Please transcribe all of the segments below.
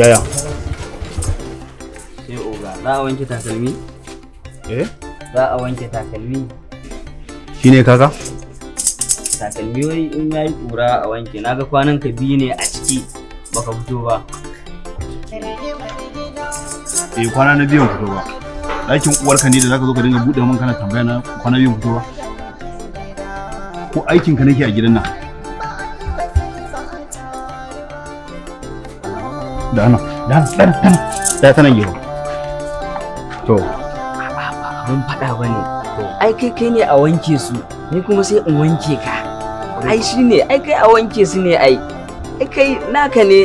yaya sai oga za a wanke takalmi eh za a wanke takalmi shine kaka takalmi wai in yi kura a wanke naga kwanan ka biyu ne a ciki baka fito ba eh kwana na biyan fito ba ɗakin ka ne da zaka zo ka dinga buɗe mun kana tambaya na kwana biyan fito ba ko aikin ka nake a gidan nan da nan da nan da ta nan gefe to abin faɗa ba ne ai kai kai ne a wanke su ni kuma sai in wanke ka ai shi ne ai kai a wanke su ne ai ai kai naka ne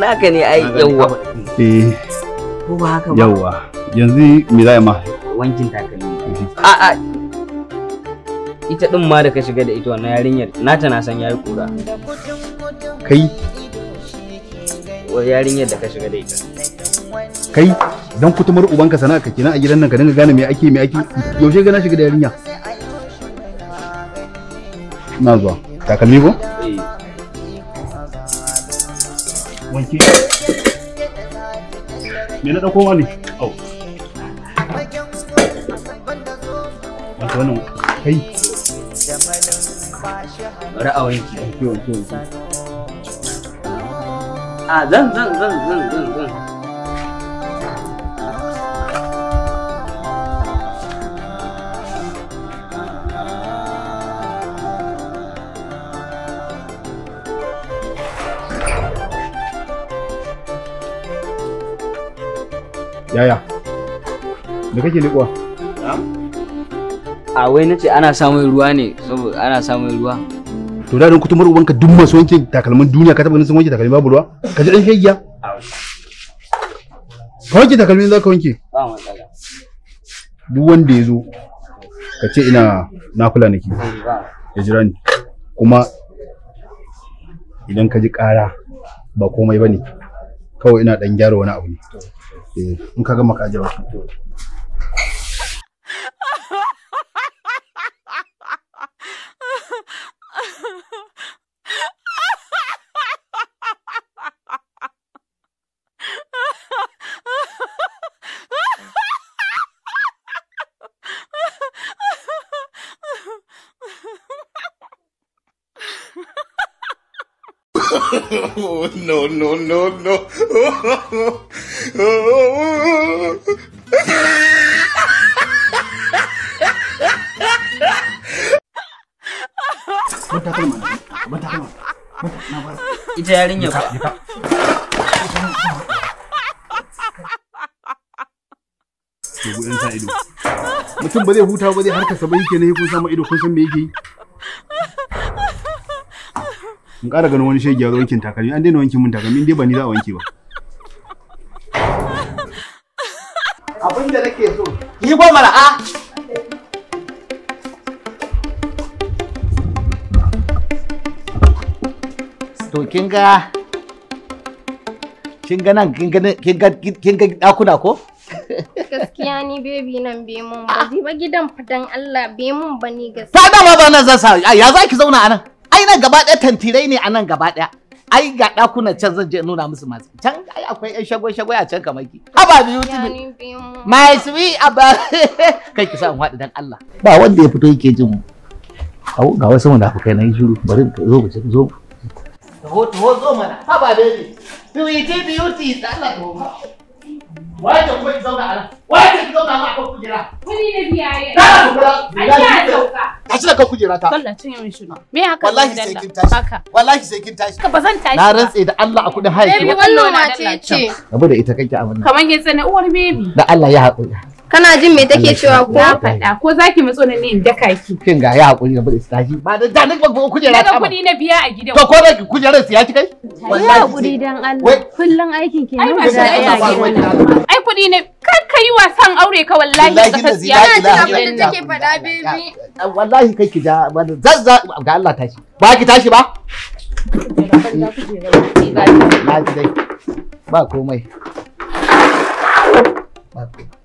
naka ne ai yawwa eh ko ba haka ba yawwa yanzu me za ma wankin takalmi mhm. a a ita din ma da ka shiga da ita wannan yarinyar nata na san yayi kura kai yarinyar da ka shiga da ita kai dan kutumar ubanka sana'a ka kenan a gidan nan ka dinga gane me ake me ake yaushe ga na shiga da yarinya na zuwa takalmi ko eh. wanke me na dauko wani au wanke wannan kai ra'a wanke wanke wanke a zan zan zan zan zan zan yaya da kake liƙuwa a ah, wai nace ana samun ruwa ne saboda ana samun ruwa to da ran kutumar ubanka duk masu wanke takalmin duniya ka taba ganin sun wanke takalmi babu ruwa ka ji dan hayya ka wanke takalmin za ka wanke duk wanda ya zo ka ce ina na kula nake eh, ya jira ni kuma idan ka ji ƙara ba komai ba ne kawai ina ɗan gyara wani abu ne eh, in ka gama ka ajiye no, no, no, no. Ita yarinya ba. Mutum ba zai huta ba zai harkarsa ba yake na kun sama ido kun san me yake yi. in ƙara ganin wani shege ya wankin takalmi an daina wankin min takalmi dai ba ni za a wanke ba abin da nake so yi ba mara a ah! to kin ga kin ga nan kin ga kin ga dakuna ko gaskiya ni baby nan be mun ba ba gidan fadan Allah be mun ba ni gaskiya ta dama ba nan zan sa ya za ki zauna anan ai na gaba ɗaya tantirai ne a nan gaba ɗaya ai ga ɗakunan can zan je nuna musu masu can ai akwai yan shago-shagoi a can kamar ki haba YouTube. my sweet aba kai ki sa in dan Allah ba wanda ya fito yake jin mu ga wasu na yi shiru bari ka zo ka zo ho ho zo mana haba baby beauty beauty Allah wace kuma ki zauna a nan wace ki zauna a kan kujera wani ne biya ya da ka kujera a ji sauka a ci daga kujera ta wallan cin yawan shi me haka wallahi sai kin tashi haka wallahi sai kin tashi ka bazan tashi na rantse da Allah a kudin hayaki baby wannan mace ce abu da ita kake a wannan kaman yanzu na uwar baby da Allah ya haƙuri kana jin me take cewa ko na faɗa ko zaki matso ne in daka ki kin ga ya hakuri ga bude staji ba da da nake ba kujera ta ba kuɗi na biya a gidan to ko da kujerar siya ki kai wallahi hakuri dan Allah kullun aikin ke ne ba da ya ai kudi ne kar ka yi wasan aure ka wallahi ka siya ina jin abin da take faɗa baby wallahi kai ki da zazza ga Allah tashi ba ki tashi ba ba komai ba komai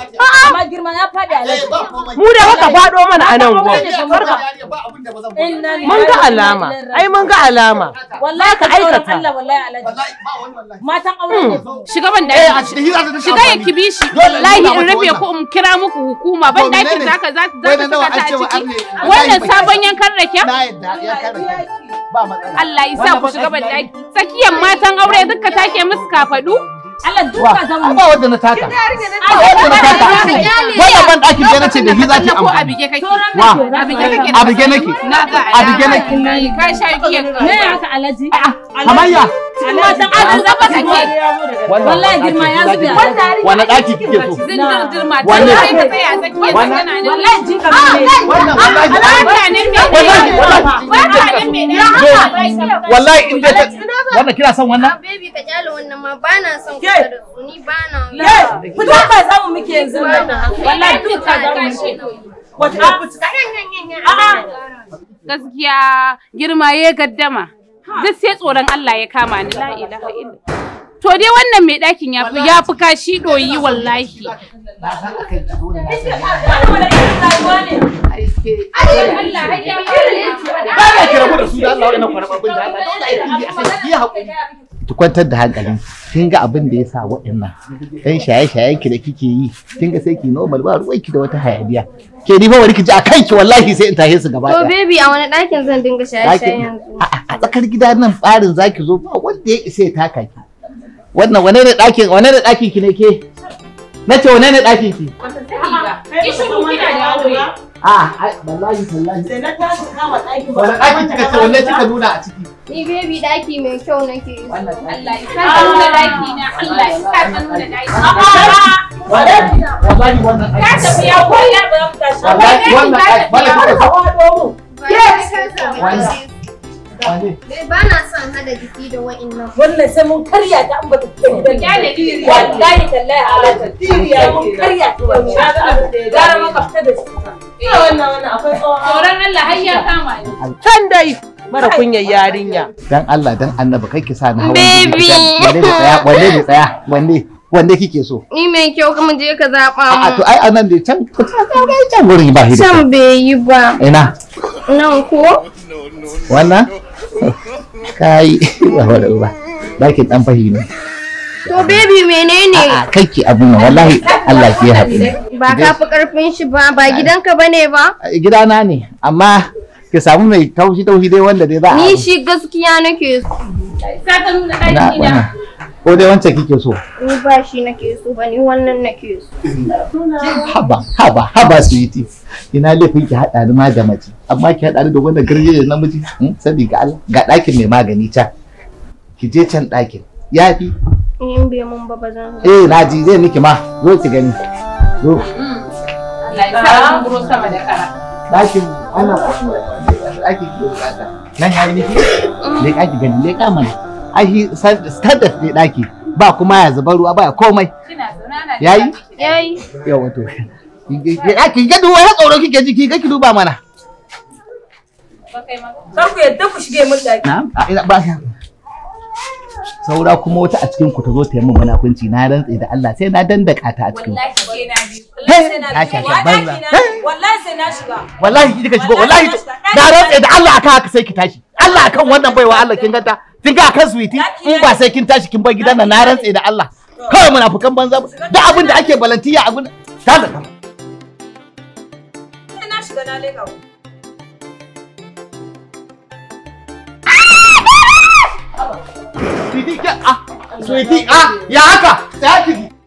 amma girman ya faɗi alaji eh, mu da baka faɗo mana a nan gwai mun ga alama ai mun ga alama wallahi ka aikata Allah wallahi alaji matan aure hmm. ne eh, shiga ban da shiga ya kibi wallahi in rufe ko in kira muku hukuma ban dakin zaka za ta saka ta a ciki wannan sabon yankan rake Allah ya sa ku shiga ban daki tsakiyar matan aure duka take musu kafadu Allah duka zama ba na taka ban ɗakin da da amma abige kake wa abige nake abige nake ka sha ne alaji Wallahi girma ya Wannan ɗaki kike so? wallahi wallahi Wallahi Wallahi Wallahi Wannan kina son wannan? Ah, baby ka kyale wannan ma ba na son ku da ni ba na. ku da ba za mu muke yanzu nan. Wallahi duk ka za mu. Wato a fita. A'a. Gaskiya girma ya gaddama. Duk sai tsoron Allah ya kama ni la ilaha illallah. To dai wannan mai ɗakin ya fi ya fi kashi ɗoyi wallahi. Ki kwantar da hankalin kin ga abin da ya sa waɗannan ɗan shaye-shayen ki da kike yi kin ga sai ki normal ba ruwan ki da wata hayaniya ke ni fa wani ki ji a kanki wallahi sai in tahe su gaba to baby a wani ɗakin zan dinga shaye-shayen yanzu a tsakar gida nan farin zaki zo ba wanda ya isa ya taka ki wannan wane ne ɗakin wane ne ɗakin ki ne ke na ce wane ne ɗakin ki a wallahi wallahi sai na tashi kama ɗakin ba ɗakin kika ce wanne kika nuna a ciki ni baby ɗaki mai kyau nake yi Allah ya sa nuna ɗaki na Allah ya sa nuna ɗaki wallahi wannan ɗaki ka tafi ya koyar ba za mu tashi wallahi wannan ɗaki ba da Ba na son hada jiki da wa'innan. Wannan sai mun karya ta an bata fita gidan. Ya ne diri. Wallahi tallahi alaka. Diri ya mun karya ta wannan. Na ga abin da ya gara maka fita da shi. Ina wannan wannan akwai tsohon. Tsoron Allah har ya kama ni. Can dai. Mara kunyar yarinya. Dan Allah dan Annabi kai ki sa ni hawan Baby. Wanne ne tsaya? Wanne ne tsaya? Wanne? Wanne kike so? Ni mai kyau kuma je ka zaɓa mu. A to ai anan dai can can gurin ba hidda. Can bai yi ba. Ina. Nan ko? wannan kai ba wala ba lakin dan fahimi to baby menene a ki abu ma wallahi Allah ke haɗu. ba ka fi karfin shi ba ba gidanka bane ba gidana ne amma ki samu mai taushi taushi dai wanda dai za a ni shi gaskiya nake so ka nuna kai gida ko dai wancan kike so ni ba shi nake so ba ni wannan nake so haba haba haba sweetie ina laifin ki hada ni ma da mace amma ki hada ni da wannan da namiji hmm? sabi ga Allah ga dakin mai magani ta. ki je can dakin yafi in bai mun ba bazan eh naji zai miki ma zo ki gani zo Allah ya sa mun sama da kara dakin ana kuma dakin ki nan yi miki ne mm. ka ki gani leka ka mana ai standard ne daki ba kuma ya zuba ruwa ba komai yayi yayi Ya wato ki ga duwa ya tsoro kike ji ki ga ki duba mana Kar ku yadda ku shige mun daki. Na'am, ba ka. Saura kuma wata a cikin ku ta zo ta yi min munafunci na rantse da Allah sai na dandaka ta a cikin. Wallahi sai na bi. Wallahi sai na bi. Wallahi sai na shiga. Wallahi kika shigo. Wallahi na rantse da Allah akan haka sai ki tashi. Allah akan wannan baiwa Allah kin ganta. kin ga kan suwiti in ba sai kin tashi kin bar gidan na rantse da Allah kawai munafukan banza da abin da ake balantiya abin ta da kama eh, na shiga na Sweetie, ah, sweetie, ah, ya haka, ta ki